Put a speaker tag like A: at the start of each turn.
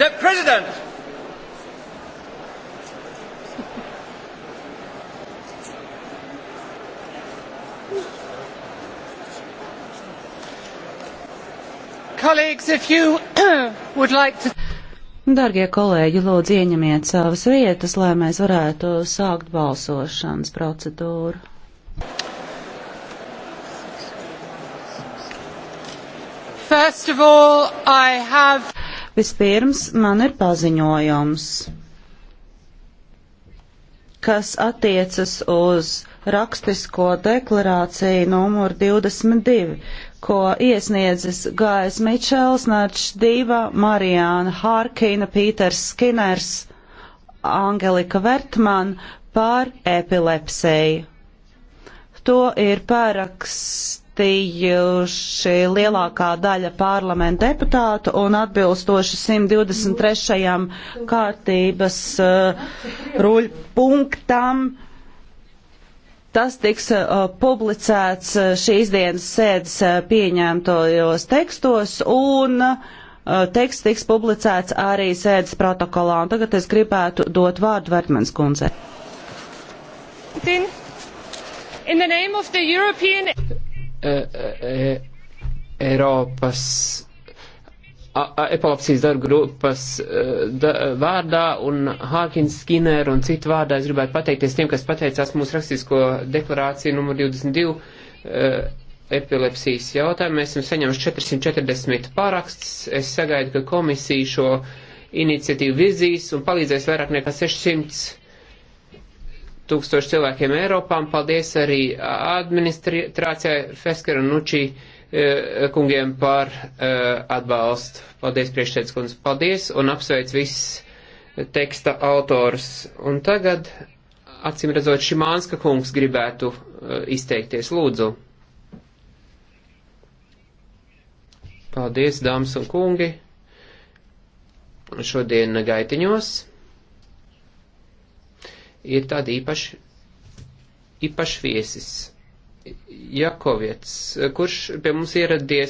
A: The President! Colleagues, if you would like to...
B: Dargie kolēģi, lūdzu ieņemiet savas vietas, lai mēs varētu sākt balsošanas procedūru. First of all, I have Vispirms man ir paziņojums, kas attiecas uz rakstisko deklarāciju numur 22, ko iesniedzis Gājs Mičels, Nāčs Dīva, Marijāna Hārkina, Pīters Skiners, Angelika Vertman par epilepsiju. To ir pārakst parakstījuši lielākā daļa parlamenta deputātu un atbilstoši 123. kārtības uh, eh, ruļpunktam. Tas tiks uh, publicēts eh, šīs dienas sēdes pieņemtojos tekstos un uh, teksts tiks publicēts arī sēdes protokolā. Un tagad es gribētu dot vārdu Vertmans kundzei. European...
A: E, e, e, Eiropas epilepsijas darba grupas da, vārdā un Hārkins Skinner un citu vārdā es gribētu pateikties tiem, kas pateicās mūsu rakstisko deklarāciju numur 22 epilepsijas jautājumu. Mēs esam saņēmuši 440 pāraksts. Es sagaidu, ka komisija šo iniciatīvu virzīs un palīdzēs vairāk nekā 600 tūkstoši cilvēkiem Eiropā. Paldies arī administrācijai Fesker un Nučī e, kungiem par e, atbalstu. Paldies, priekšsēdus kundze. Paldies un apsveic visus teksta autors. Un tagad, acīm redzot, Šimānska kungs gribētu e, izteikties. Lūdzu. Paldies, dāmas un kungi. Šodien gaitiņos ir tāda īpaša, īpaša viesis. Jakoviets, kurš pie mums ieradies